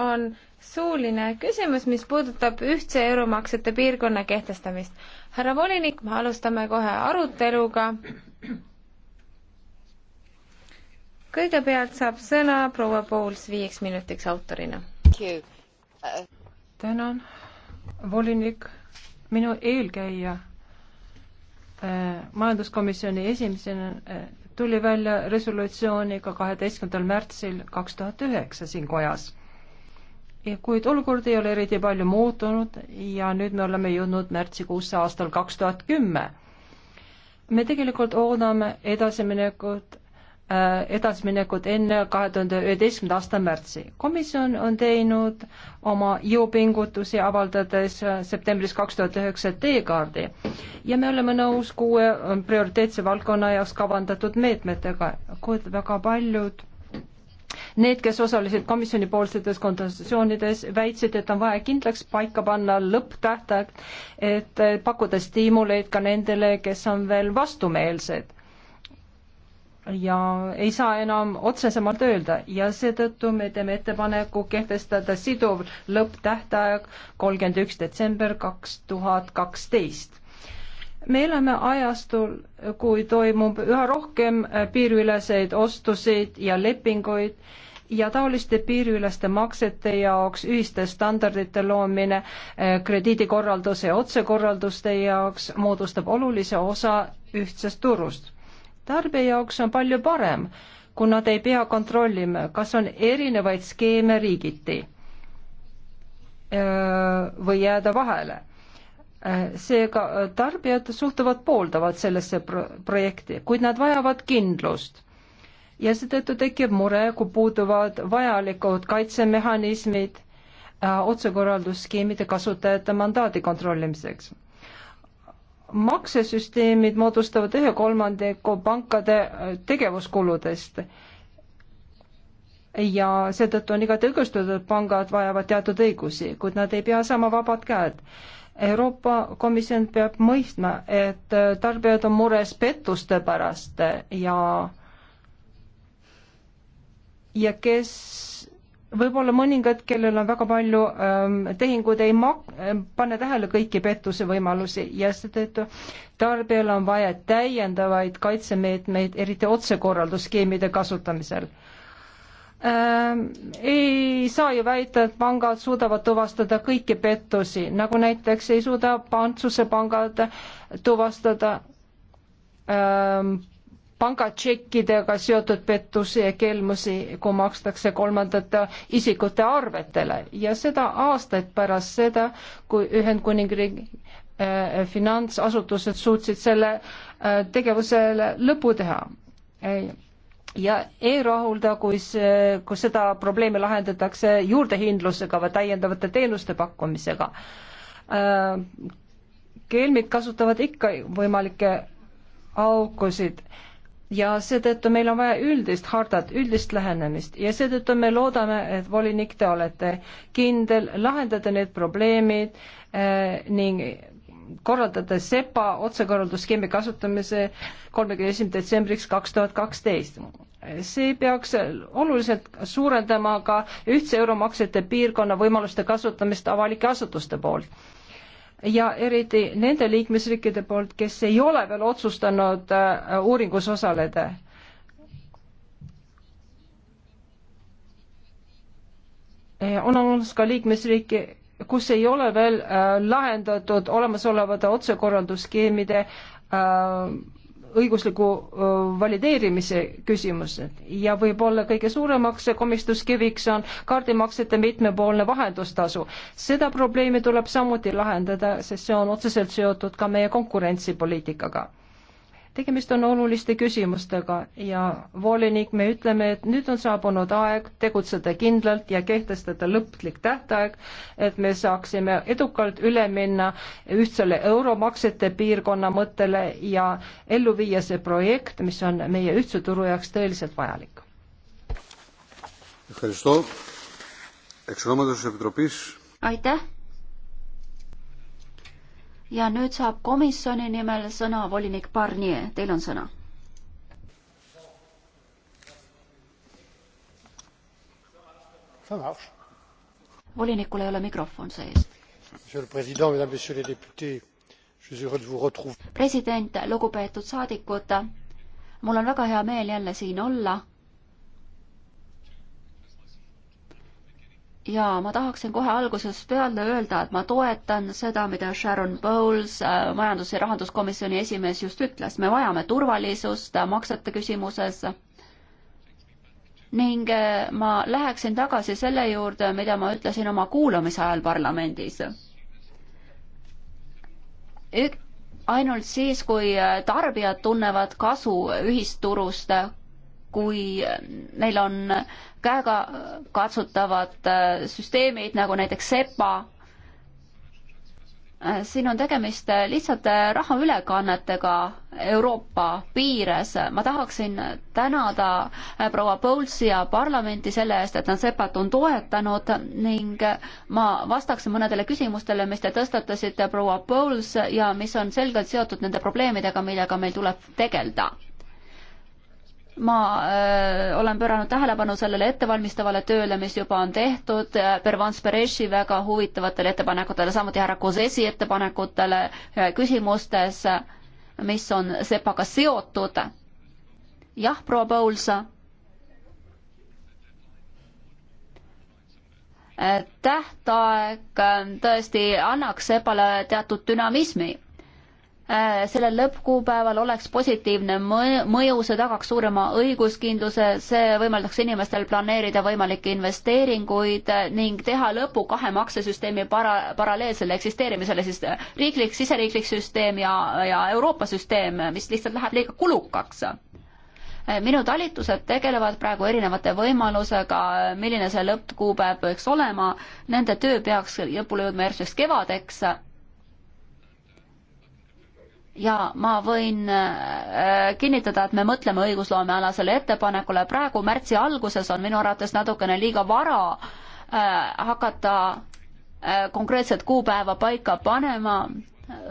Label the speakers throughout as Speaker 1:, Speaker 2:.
Speaker 1: on suuline küsimus, mis puudutab ühtse euromaksete piirkonna kehtestamist. härra volinik, me alustame kohe aruteluga.
Speaker 2: kõigepealt saab sõna proua Pools viieks minutiks autorina. Uh, tänan, volinik, minu eelkäija äh, majanduskomisjoni esimesena äh, tuli välja resolutsiooniga kaheteistkümnendal märtsil kaks tuhat üheksa siin kojas kuid olukord ei ole eriti palju muutunud ja nüüd me oleme jõudnud märtsikuusse aastal kaks tuhat kümme. me tegelikult oodame edasiminekut äh, edasiminekut enne kahe tuhande üheteistkümnenda aasta märtsi. komisjon on teinud oma jõupingutusi, avaldades äh, septembris kaks tuhat üheksa teekaardi ja me oleme nõus kuue prioriteetse valdkonna jaoks kavandatud meetmetega, kuid väga paljud Need, kes osalesid komisjonipoolsetes konsultatsioonides, väitsid, et on vaja kindlaks paika panna lõpptähtaeg, et eh, pakkuda stiimuleid ka nendele, kes on veel vastumeelsed ja ei saa enam otsesemalt öelda ja seetõttu me teeme ettepaneku kehtestada siduv lõpptähtaeg kolmkümmend üks detsember kaks tuhat kaksteist. me elame ajastul, kui toimub üha rohkem piiriüleseid ostusid ja lepinguid ja taoliste piiriüleste maksete jaoks ühiste standardite loomine eh, krediidikorralduse ja otsekorralduste jaoks moodustab olulise osa ühtsest turust. tarbija jaoks on palju parem, kui nad ei pea kontrollima, kas on erinevaid skeeme riigiti eh, või jääda vahele eh, seega tarbijad suhtuvad pooldavalt sellesse pro projekti, kuid nad vajavad kindlust ja seetõttu tekib mure, kui puuduvad vajalikud kaitsemehhanismid äh, otsekorraldusskeemide kasutajate mandaadi kontrollimiseks. maksesüsteemid moodustavad ühe kolmandiku pankade äh, tegevuskuludest ja seetõttu on igati õigustatud, pangad vajavad teatud õigusi, kuid nad ei pea saama vabad käed. Euroopa Komisjon peab mõistma, et äh, tarbijad on mures pettuste pärast ja äh, ja kes võib-olla mõningad, kellel on väga palju ähm, tehinguid, ei mak-, äh, pane tähele kõiki pettuse võimalusi ja seetõttu tarbijal on vaja täiendavaid kaitsemeetmeid, eriti otsekorraldusskeemide kasutamisel ähm,. Ei saa ju väita, et pangad suudavad tuvastada kõiki pettusi, nagu näiteks ei suuda Prantsuse pangad tuvastada ähm, pangatšekkidega seotud pettusi ja kelmusi, kui makstakse kolmandate isikute arvetele ja seda aastaid pärast seda, kui Ühendkuningriigi äh, finantsasutused suutsid selle äh, tegevusele lõpu teha äh, ja ei rahulda, kui see, kui seda probleemi lahendatakse juurdehindlusega või täiendavate teenuste pakkumisega. Äh, kelmid kasutavad ikka võimalikke aukusid ja seetõttu meil on vaja üldist hardat, üldist lähenemist ja seetõttu me loodame, et volinik, te olete kindel, lahendate need probleemid eh, ning korraldada SEPA otsekorraldusskeemi kasutamise kolmekümne esimene detsembriks kaks tuhat kaksteist. see peaks oluliselt suurendama ka ühtse euromaksete piirkonna võimaluste kasutamist avalike asutuste poolt ja eriti nende liikmesriikide poolt, kes ei ole veel otsustanud äh, uuringus osaleda äh, on olemas ka liikmesriike, kus ei ole veel äh, lahendatud olemasolevate otsekorraldusskeemide õigusliku valideerimise küsimused ja võib-olla kõige suuremaks komistuskiviks on kaardimaksete mitmepoolne vahendustasu. seda probleemi tuleb samuti lahendada, sest see on otseselt seotud ka meie konkurentsipoliitikaga tegemist on oluliste küsimustega ja volinik, me ütleme, et nüüd on saabunud aeg tegutseda kindlalt ja kehtestada lõplik tähtaeg, et me saaksime edukalt üle minna ühtsele euromaksete piirkonna mõttele ja ellu viia see projekt, mis on meie ühtse turu jaoks tõeliselt vajalik.
Speaker 3: aitäh ja nüüd saab komisjoni nimel sõna volinik Barnier, teil on sõna. volinikul ei ole mikrofon sees. president, lugupeetud saadikud, mul on väga hea meel jälle siin olla ja ma tahaksin kohe alguses peale öelda, et ma toetan seda, mida Sharon Bowles, äh, majandus- ja rahanduskomisjoni esimees just ütles, me vajame turvalisust äh, maksete küsimuses. ning äh, ma läheksin tagasi selle juurde, mida ma ütlesin oma kuulamise ajal parlamendis. ainult siis, kui tarbijad tunnevad kasu ühisturust, kui neil on käega katsutavad äh, süsteemid nagu näiteks SEPA, äh, siin on tegemist äh, lihtsalt rahaülekannetega Euroopa piires. ma tahaksin tänada proua Bowlesi ja parlamenti selle eest, et nad SEPA-t on toetanud ning ma vastaksin mõnedele küsimustele, mis te tõstatasite, proua Bowles, ja mis on selgelt seotud nende probleemidega, millega meil tuleb tegeleda ma äh, olen pööranud tähelepanu sellele ettevalmistavale tööle, mis juba on tehtud äh,, Pervans Pereši väga huvitavatele ettepanekutele, samuti härra Kozesi ettepanekutele äh, küsimustes äh,, mis on sepaga seotud. jah, proua Pauls äh,. tähtaeg äh, tõesti annaks sepale teatud dünamismi Äh, sellel lõppkuupäeval oleks positiivne mõju, see tagaks suurema õiguskindluse, see võimaldaks inimestel planeerida võimalikke investeeringuid äh, ning teha lõpu kahe maksesüsteemi para-, paralleelsele eksisteerimisele, siis äh, riiklik, siseriiklik süsteem ja, ja Euroopa süsteem, mis lihtsalt läheb liiga kulukaks minu talitused tegelevad praegu erinevate võimalusega, milline see lõppkuupäev peaks olema, nende töö peaks lõpule jõudma järgmiseks kevadeks ja ma võin äh, kinnitada, et me mõtleme õigusloomealasele ettepanekule, praegu märtsi alguses on minu arvates natukene liiga vara äh, hakata äh, konkreetset kuupäeva paika panema,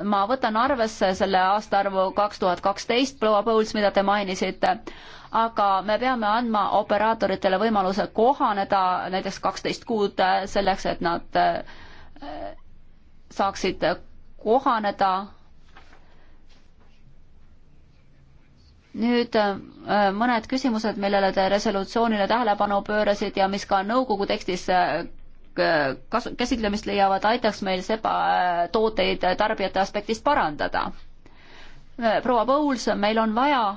Speaker 3: ma võtan arvesse selle aastaarvu kaks tuhat kaksteist, proua Pouls, mida te mainisite, aga me peame andma operaatoritele võimaluse kohaneda näiteks kaksteist kuud selleks, et nad saaksid kohaneda nüüd äh, äh, mõned küsimused, millele te resolutsioonile tähelepanu pöörasid ja mis ka nõukogu tekstis äh, kas-, käsitlemist leiavad, aitaks meil seba tooteid tarbijate aspektist parandada. proua Pouls, meil on vaja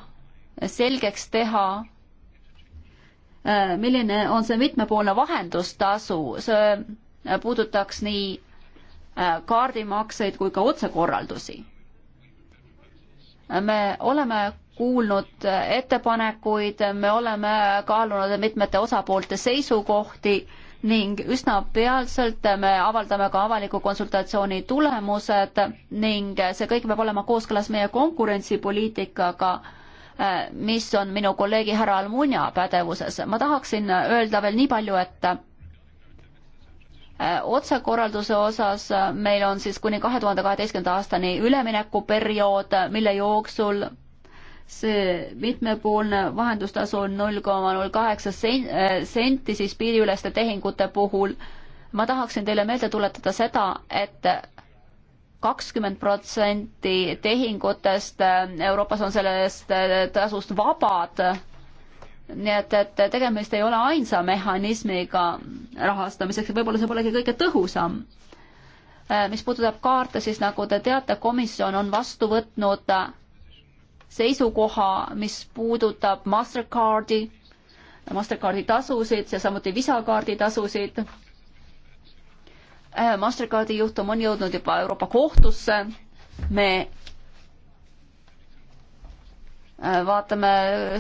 Speaker 3: selgeks teha, milline on see mitmepoolne vahendustasu, see puudutaks nii kaardimakseid kui ka otsekorraldusi. me oleme kuulnud ettepanekuid, me oleme kaalunud mitmete osapoolte seisukohti ning üsna peatselt me avaldame ka avaliku konsultatsiooni tulemused ning see kõik peab olema kooskõlas meie konkurentsipoliitikaga, mis on minu kolleegi härra Almunia pädevuses. ma tahaksin öelda veel nii palju, et äh, otsekorralduse osas meil on siis kuni kahe tuhande kaheteistkümnenda aastani üleminekuperiood, mille jooksul see mitmepoolne vahendustasu on null koma null kaheksa äh, senti siis piiriüleste tehingute puhul. ma tahaksin teile meelde tuletada seda et, et kakskümmend protsenti tehingutest äh, Euroopas on sellest äh, tasust vabad. nii et, et tegemist ei ole ainsa mehhanismiga rahastamiseks ja võib-olla see polegi kõige tõhusam. mis puudutab kaarte, siis nagu te teate, komisjon on vastu võtnud seisukoha, mis puudutab Mastercardi, Mastercardi tasusid ja samuti Visa kaardi tasusid. Äh, Mastercardi juhtum on jõudnud juba Euroopa kohtusse. me äh, vaatame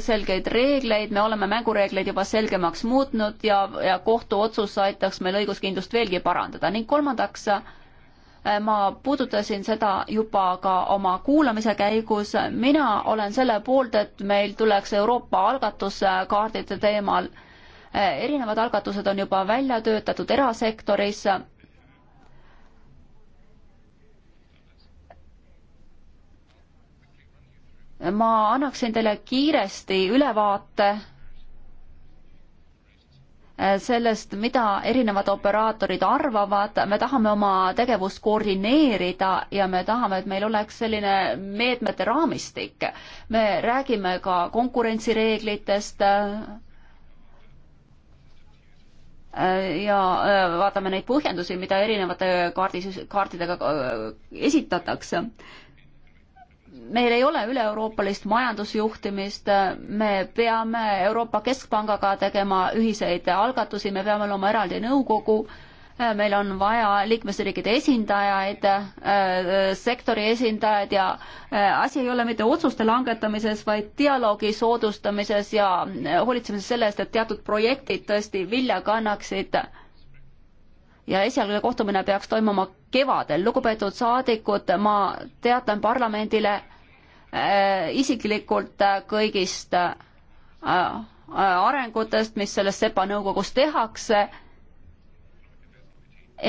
Speaker 3: selgeid reegleid, me oleme mängureegleid juba selgemaks muutnud ja, ja kohtuotsus aitaks meil õiguskindlust veelgi parandada ning kolmandaks äh, Äh, ma puudutasin seda juba ka oma kuulamise käigus, mina olen selle poolt, et meil tuleks Euroopa algatuskaardide teemal. Äh, erinevad algatused on juba välja töötatud erasektoris. ma annaksin teile kiiresti ülevaate Äh, sellest, mida erinevad operaatorid arvavad, me tahame oma tegevust koordineerida ja me tahame, et meil oleks selline meetmete raamistik. me räägime ka konkurentsireeglitest äh, ja äh, vaatame neid põhjendusi, mida erinevate kaardis, kaartidega esitatakse meil ei ole üle-euroopalist majandusjuhtimist, me peame Euroopa Keskpangaga tegema ühiseid algatusi, me peame looma eraldi nõukogu, meil on vaja liikmesriikide esindajaid, sektori esindajaid ja äh, asi ei ole mitte otsuste langetamises, vaid dialoogi soodustamises ja äh, hoolitsemises selle eest, et teatud projektid tõesti vilja kannaksid ja esialgne kohtumine peaks toimuma kevadel. lugupeetud saadikud, ma teatan parlamendile, Äh, isiklikult äh, kõigist äh, arengutest, mis selles SEPA nõukogus tehakse,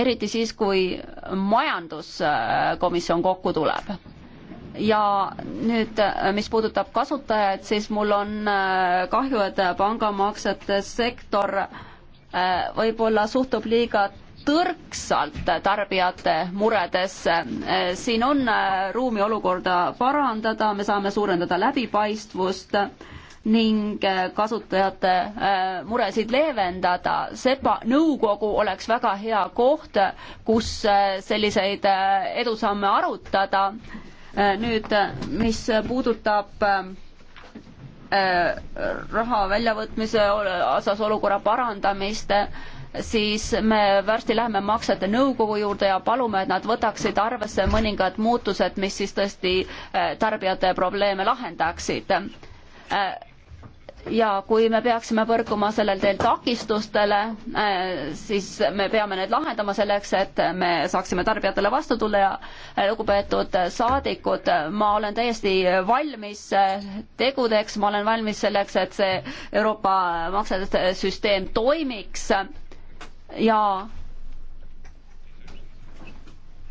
Speaker 3: eriti siis, kui majanduskomisjon kokku tuleb. ja nüüd, mis puudutab kasutajaid, siis mul on kahju, et pangamaksete sektor võib-olla suhtub liiga tõrksalt tarbijate muredesse. siin on äh, ruumi olukorda parandada, me saame suurendada läbipaistvust ning äh, kasutajate äh, muresid leevendada. SEPA nõukogu oleks väga hea koht, kus selliseid edusamme arutada. nüüd, mis puudutab raha väljavõtmise osas olukorra parandamist, siis me varsti läheme maksete nõukogu juurde ja palume, et nad võtaksid arvesse mõningad muutused, mis siis tõesti äh, tarbijate probleeme lahendaksid äh, ja kui me peaksime põrkuma sellel teel takistustele, äh, siis me peame need lahendama selleks, et me saaksime tarbijatele vastu tulla ja lugupeetud saadikud, ma olen täiesti valmis tegudeks, ma olen valmis selleks, et see Euroopa maksesüsteem toimiks ja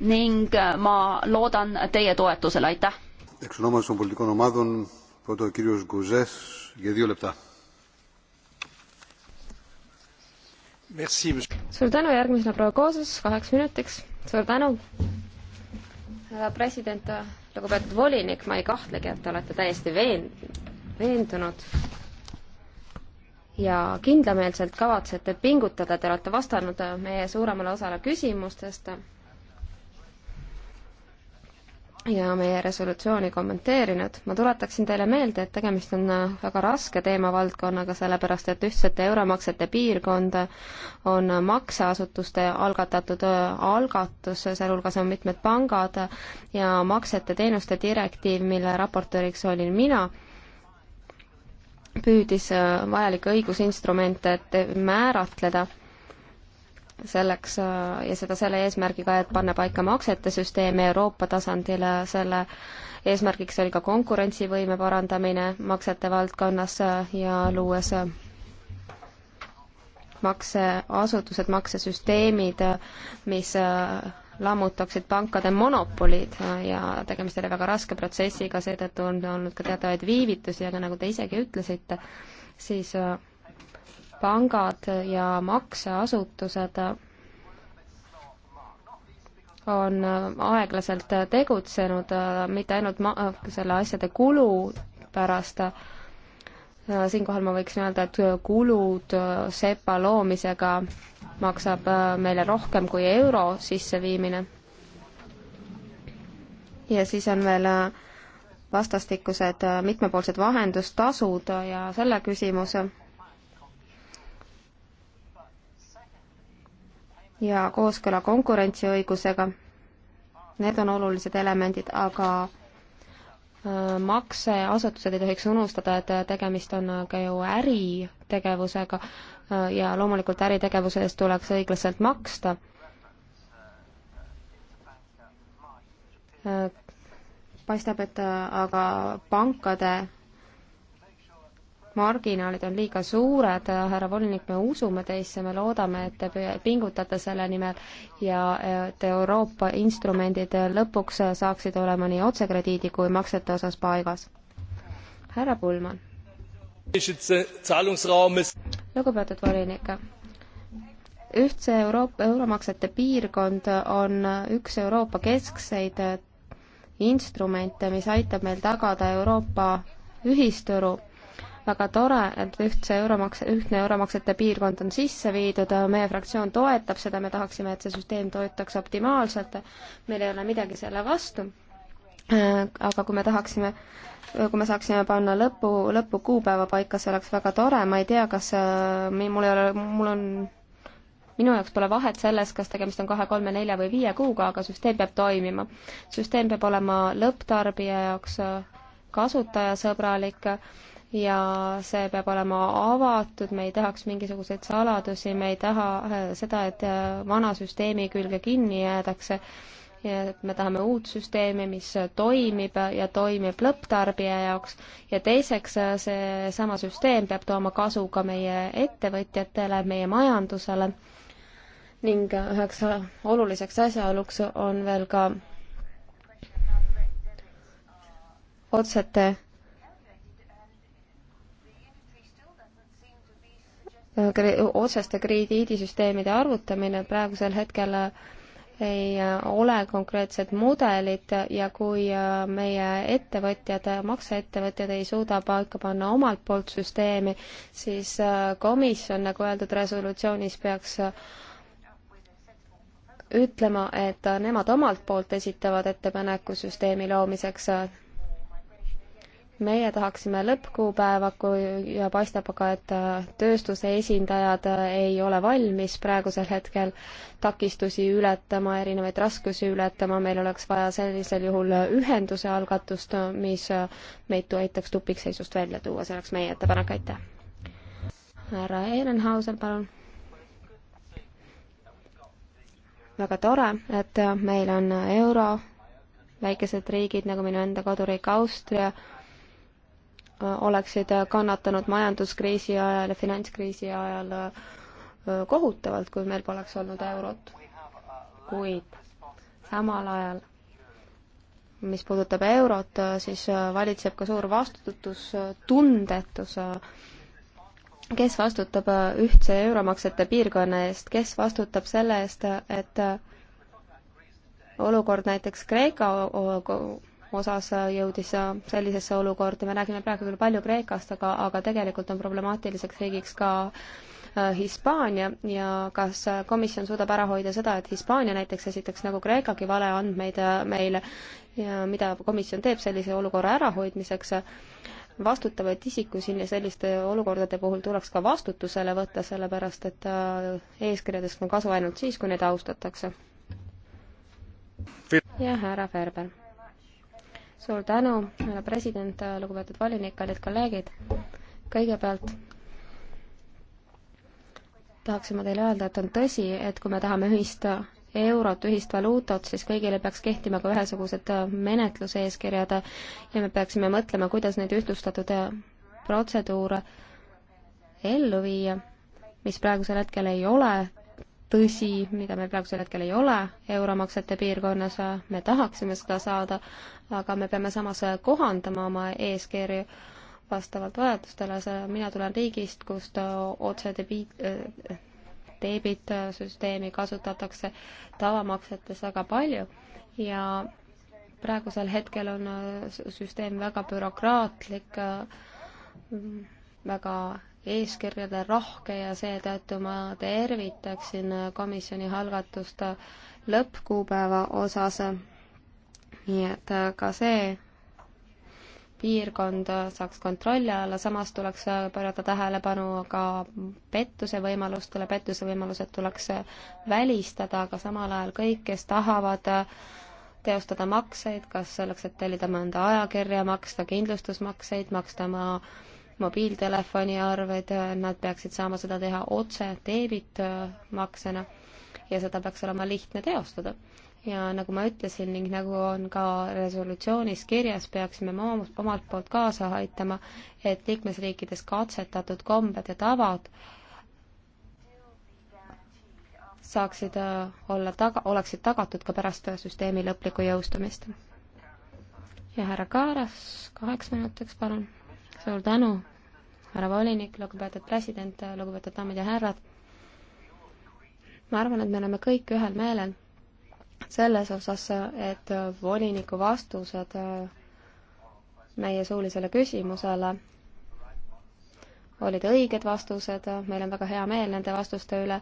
Speaker 3: ning äh, ma loodan teie toetusele, aitäh.
Speaker 4: eks on omas on poliitika omadon, proto kirjus Guzes ja Dioleta.
Speaker 3: suur tänu, järgmisena
Speaker 1: proua Koosus kaheks minutiks, suur tänu. härra president, lugupeetud volinik, ma ei kahtlegi, et te olete täiesti veen-, veendunud ja kindlameelselt kavatsete pingutada, te olete vastanud äh, meie suuremale osale küsimustest ja meie resolutsiooni kommenteerinud. ma tuletaksin teile meelde, et tegemist on äh, väga raske teemavaldkonnaga, sellepärast et ühtsete euromaksete piirkond on äh, makseasutuste algatatud algatus, sealhulgas on mitmed pangad ja maksete teenuste direktiiv, mille raportööriks olin mina püüdis äh, vajalikke õigusinstrumente määratleda selleks äh, ja seda selle eesmärgiga, et panna paika maksete süsteem Euroopa tasandil, selle eesmärgiks oli ka konkurentsivõime parandamine maksete valdkonnas äh, ja luues makseasutused, maksesüsteemid, mis lammutaksid pankade monopolid ja tegemist oli väga raske protsessiga, seetõttu on olnud ka teatavaid viivitusi, aga nagu te isegi ütlesite, siis äh, pangad ja makseasutused äh, on äh, aeglaselt tegutsenud, mitte ainult ma-, selle asjade kulu pärast, Äh, siinkohal ma võiksin öelda, et äh, kulud äh, sepa loomisega maksab meile rohkem kui euro sisseviimine. ja siis on veel vastastikused mitmepoolsed vahendustasud ja selle küsimus. ja kooskõla konkurentsiõigusega. Need on olulised elemendid, aga makseasutused ei tohiks unustada, et tegemist on ka ju äritegevusega äh, ja loomulikult äritegevuse eest tuleks õiglaselt maksta. Äh, paistab, et aga pankade marginaalid on liiga suured, härra volinik, me usume teisse, me loodame, et te pingutate selle nimel ja et Euroopa instrumendid lõpuks saaksid olema nii otsekrediidi kui maksete osas paigas. härra Pullmann. lugupeetud volinik ühtse Euroopa, euromaksete piirkond on üks Euroopa keskseid instrumente, mis aitab meil tagada Euroopa ühisturu väga tore, et ühtse euromakse, ühtne euromaksete piirkond on sisse viidud, meie fraktsioon toetab seda, me tahaksime, et see süsteem töötaks optimaalselt, meil ei ole midagi selle vastu, aga kui me tahaksime, kui me saaksime panna lõpu, lõpukuupäeva paika, see oleks väga tore, ma ei tea, kas mul ei ole, mul on minu jaoks pole vahet selles, kas tegemist on kahe, kolme, nelja või viie kuuga, aga süsteem peab toimima. süsteem peab olema lõpptarbija jaoks kasutajasõbralik ja see peab olema avatud, me ei tahaks mingisuguseid saladusi, me ei taha äh, seda, et äh, vana süsteemi külge kinni jäädakse. et me tahame uut süsteemi, mis toimib ja toimib lõpptarbija jaoks ja teiseks, äh, seesama süsteem peab tooma kasu ka meie ettevõtjatele, meie majandusele ning üheks oluliseks asjaoluks on veel ka otsete otseste krediidisüsteemide arvutamine praegusel hetkel äh, ei äh, ole konkreetset mudelit ja kui äh, meie ettevõtjad, makseettevõtjad ei suuda paika panna omalt poolt süsteemi, siis komisjon, nagu öeldud resolutsioonis, peaks ütlema, et nemad omalt poolt esitavad ettepaneku süsteemi loomiseks meie tahaksime lõppkuupäeva, kui ja paistab aga, et äh, tööstuse esindajad äh, ei ole valmis praegusel hetkel takistusi ületama, erinevaid raskusi ületama, meil oleks vaja sellisel juhul äh, ühenduse algatust, mis meid aitaks tupikseisust välja tuua, see oleks meie ettepanek, aitäh. härra Ehrenhauser, palun. väga tore, et meil on euro, väikesed riigid nagu minu enda koduriik Austria Äh, oleksid kannatanud majanduskriisi ajal ja finantskriisi ajal äh, kohutavalt, kui meil poleks olnud eurot. kuid samal ajal, mis puudutab eurot, äh, siis valitseb ka suur vastutustundetus. kes vastutab ühtse euromaksete piirkonna eest, kes vastutab selle eest, et olukord näiteks Kreeka osas jõudis sellisesse olukorda, me räägime praegu küll palju Kreekast, aga, aga tegelikult on problemaatiliseks riigiks ka äh, Hispaania ja kas komisjon suudab ära hoida seda, et Hispaania näiteks esitaks nagu Kreekagi valeandmeid äh, meile ja mida komisjon teeb sellise olukorra ärahoidmiseks vastutavaid isikusid ja selliste olukordade puhul tuleks ka vastutusele võtta, sellepärast et äh, eeskirjadest on kasu ainult siis, kui neid austatakse. jah, härra Ferber suur tänu, härra president, lugupeetud volinik, kallid kolleegid. kõigepealt tahaksin ma teile öelda, et on tõsi, et kui me tahame ühist eurot, ühist valuutot, siis kõigile peaks kehtima ka ühesugused menetluse eeskirjad ja me peaksime mõtlema, kuidas neid ühtlustatud protseduure ellu viia, mis praegusel hetkel ei ole tõsi, mida meil praegusel hetkel ei ole euromaksete piirkonnas, me tahaksime seda saada, aga me peame samas kohandama oma eeskirju vastavalt vajadustele, mina tulen riigist, kust otsedebiit äh,, deebiitsüsteemi kasutatakse tavamaksetes väga palju ja praegusel hetkel on äh, süsteem väga bürokraatlik, äh, väga eeskirjade rohke ja seetõttu ma tervitaksin komisjoni algatust lõppkuupäeva osas. nii et ka see piirkond saaks kontrolli alla, samas tuleks pöörata tähelepanu ka pettuse võimalustele, pettuse võimalused tuleks välistada, aga samal ajal kõik, kes tahavad teostada makseid, kas selleks, et tellida mõnda ajakirja, maksta kindlustusmakseid, maksta oma mobiiltelefoni arved, nad peaksid saama seda teha otse debitmaksena ja seda peaks olema lihtne teostada. ja nagu ma ütlesin ning nagu on ka resolutsioonis kirjas, peaksime me omalt poolt kaasa aitama, et liikmesriikides katsetatud kombed ja tavad saaksid äh, olla taga, oleksid tagatud ka pärast äh, süsteemi lõplikku jõustumist. ja härra Kaaras, kaheks minutiks palun suur tänu, härra volinik, lugupeetud president, lugupeetud daamid ja härrad. ma arvan, et me oleme kõik ühel meelel selles osas, et voliniku vastused meie suulisele küsimusele olid õiged vastused, meil on väga hea meel nende vastuste üle,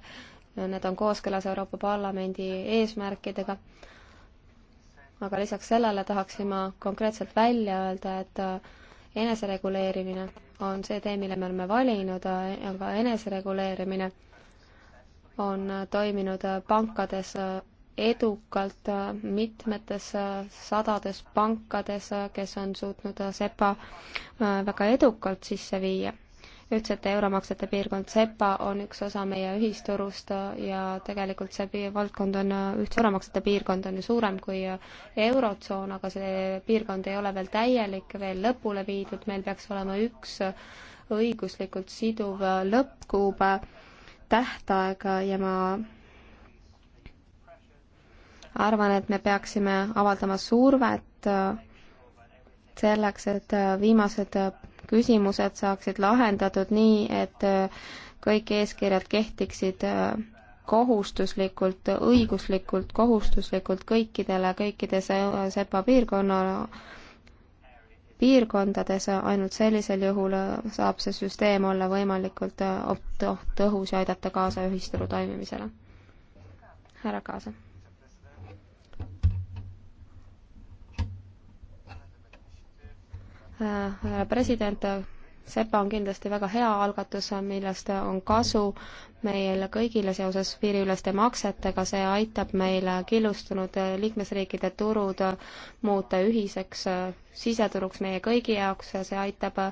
Speaker 1: need on kooskõlas Euroopa Parlamendi eesmärkidega, aga lisaks sellele tahaksin ma konkreetselt välja öelda, et enesereguleerimine on see tee, mille me oleme valinud, aga enesereguleerimine on toiminud pankades edukalt mitmetes sadades pankades, kes on suutnud SEPA väga edukalt sisse viia ühtsete euromaksete piirkond SEPA on üks osa meie ühisturust ja tegelikult see valdkond on, ühtse euromaksete piirkond on ju suurem kui Eurotsoon, aga see piirkond ei ole veel täielik, veel lõpule viidud, meil peaks olema üks õiguslikult siduv lõppkuupäev, tähtaeg ja ma arvan, et me peaksime avaldama survet selleks, et viimased küsimused saaksid lahendatud nii, et äh, kõik eeskirjad kehtiksid äh, kohustuslikult, õiguslikult kohustuslikult kõikidele, kõikides SEPA piirkonna, piirkondades, äh, ainult sellisel juhul saab see süsteem olla võimalikult tõhus ja aidata kaasa ühisturu toimimisele. härra Kaasa härra äh, president, SEPA on kindlasti väga hea algatus, millest on kasu meile kõigile seoses piiriüleste maksetega, see aitab meil killustunud liikmesriikide turud muuta ühiseks äh, siseturuks meie kõigi jaoks ja see aitab äh,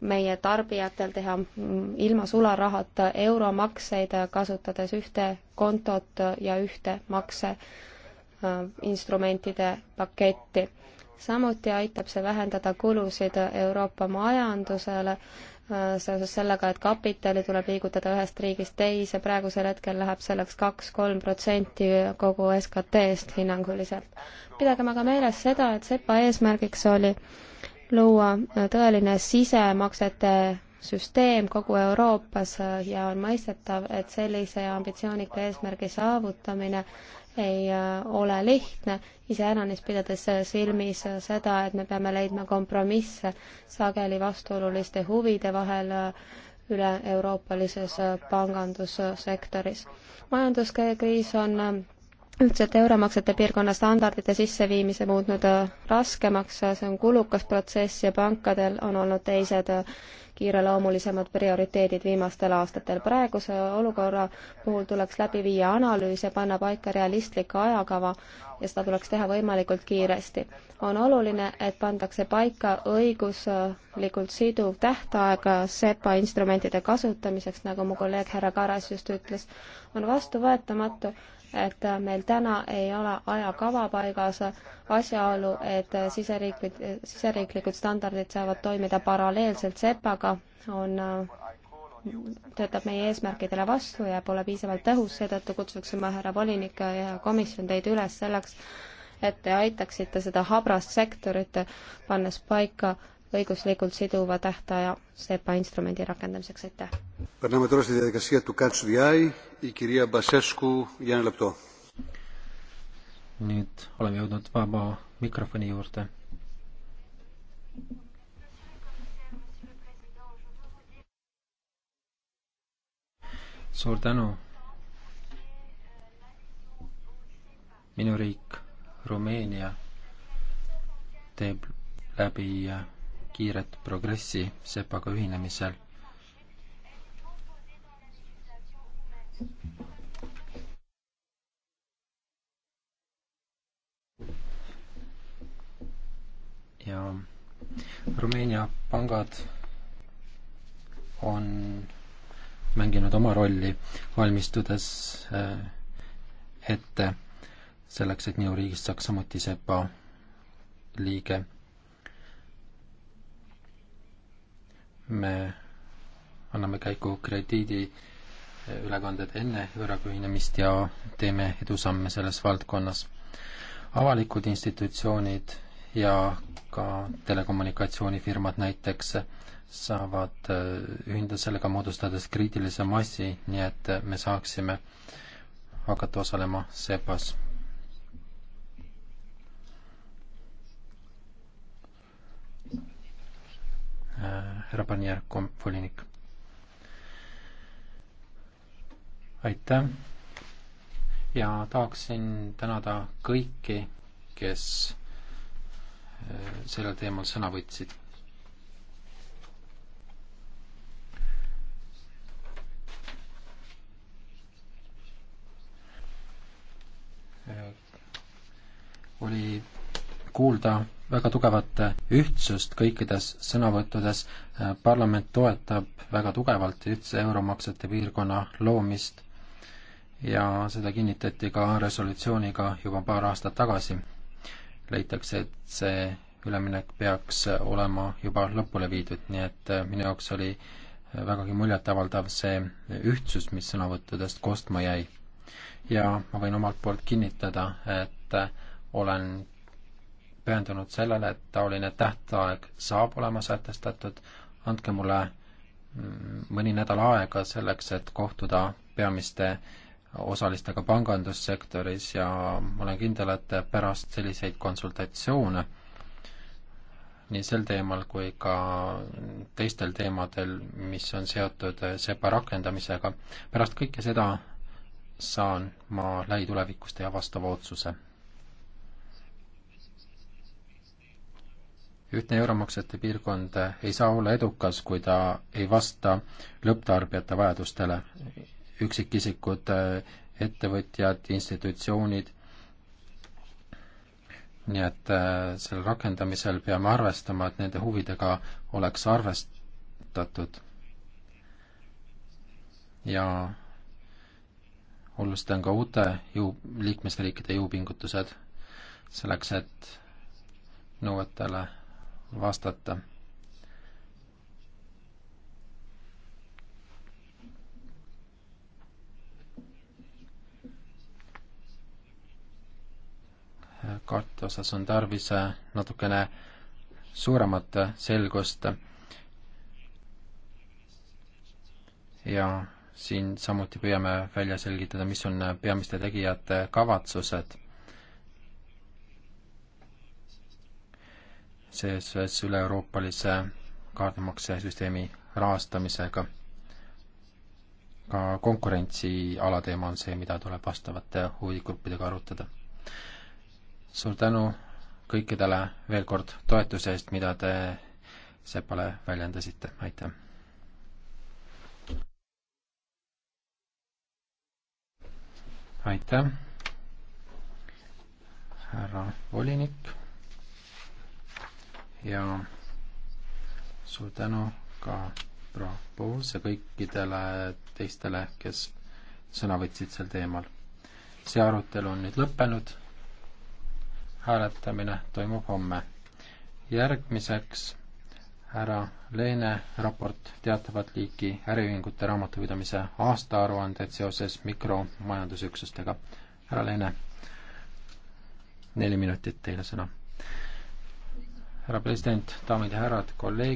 Speaker 1: meie tarbijatel teha mm, ilma sularahata euromakseid, kasutades ühte kontot ja ühte makseinstrumentide paketti samuti aitab see vähendada kulusid Euroopa majandusele äh, seoses sellega, et kapitali tuleb liigutada ühest riigist teise, praegusel hetkel läheb selleks kaks-kolm protsenti kogu SKT-st hinnanguliselt. pidagem aga meeles seda, et SEPA eesmärgiks oli luua tõeline sisemaksete süsteem kogu Euroopas äh, ja on mõistetav, et sellise ambitsioonika eesmärgi saavutamine ei äh, ole lihtne, iseäranis pidades äh, silmis seda, et me peame leidma kompromisse sageli vastuoluliste huvide vahel üle-euroopalises pangandussektoris. majanduskriis on ühtsete euromaksete piirkonna standardite sisseviimise muutnud raskemaks, see on kulukas protsess ja pankadel on olnud teised kiireloomulisemad prioriteedid viimastel aastatel. praeguse olukorra puhul tuleks läbi viia analüüs ja panna paika realistlik ajakava ja seda tuleks teha võimalikult kiiresti. on oluline, et pandakse paika õiguslikult siduv tähtaeg SEPA instrumentide kasutamiseks, nagu mu kolleeg härra Karas just ütles. on vastuvõetamatu, et meil täna ei ole ajakava paigas asjaolu, et siseriiklik, siseriiklikud standardid saavad toimida paralleelselt SEPAga, on töötab meie eesmärkidele vastu ja pole piisavalt tõhus, seetõttu kutsuksime härra volinik ja komisjon teid üles selleks, et te aitaksite seda habrast sektorit, pannes paika õiguslikult siduva tähtaja SEPA instrumendi rakendamiseks, aitäh!
Speaker 4: Περνάμε τώρα στη διαδικασία του Catch the Eye. Η κυρία Μπασέσκου για ένα λεπτό. Nüüd oleme jõudnud vaba mikrofoni juurde. suur tänu. minu riik, Rumeenia, teeb läbi kiiret progressi sepaga ühinemisel ja Rumeenia pangad on mänginud oma rolli, valmistudes äh, ette selleks, et minu riigist saaks samuti SEPA liige. me anname käiku krediidi äh, ülekanded enne euroga ühinemist ja teeme edusamme selles valdkonnas. avalikud institutsioonid ja ka telekommunikatsioonifirmad näiteks saavad äh, ühinda sellega, moodustades kriitilise massi, nii et me saaksime hakata osalema SEPAS. Äh, härra Barnier, volinik. aitäh ja tahaksin tänada kõiki, kes sellel teemal sõna võtsid. oli kuulda väga tugevat ühtsust kõikides sõnavõttudes. parlament toetab väga tugevalt ühtse euromaksete piirkonna loomist ja seda kinnitati ka resolutsiooniga juba paar aastat tagasi leitakse, et see üleminek peaks olema juba lõpule viidud, nii et äh, minu jaoks oli äh, vägagi muljetavaldav see ühtsus, mis sõnavõttudest kostma jäi. ja ma võin omalt poolt kinnitada, et äh, olen pühendunud sellele, et taoline tähtaeg saab olema sätestatud, andke mulle mm, mõni nädal aega selleks, et kohtuda peamiste osalistega pangandussektoris ja ma olen kindel, et pärast selliseid konsultatsioone nii sel teemal kui ka teistel teemadel, mis on seotud SEPA rakendamisega, pärast kõike seda saan ma lähitulevikus teha vastava otsuse. ühtne euromaksete piirkond ei saa olla edukas, kui ta ei vasta lõpptarbijate vajadustele üksikisikud, äh, ettevõtjad, institutsioonid. nii et äh, selle rakendamisel peame arvestama, et nende huvidega oleks arvestatud. ja olulised on ka uute jõu, liikmesriikide jõupingutused selleks, et nõuetele vastata kaartide osas on tarvis äh, natukene suuremat äh, selgust. ja siin samuti püüame välja selgitada, mis on äh, peamiste tegijate kavatsused. seoses üle-euroopalise kaardimaksesüsteemi rahastamisega. ka konkurentsi alateema on see, mida tuleb vastavate huvigruppidega arutada suur tänu kõikidele veel kord toetuse eest, mida te Sepale väljendasite, aitäh! aitäh, härra volinik ja suur tänu ka proua Pools ja kõikidele teistele, kes sõna võtsid sel teemal. see arutelu on nüüd lõppenud hääletamine toimub homme. järgmiseks härra Leene raport teatavat liiki äriühingute raamatupidamise aastaaruanded seoses mikromajandusüksustega. härra Leene, neli minutit teile sõna. härra president, daamid ja härrad, kolleegid,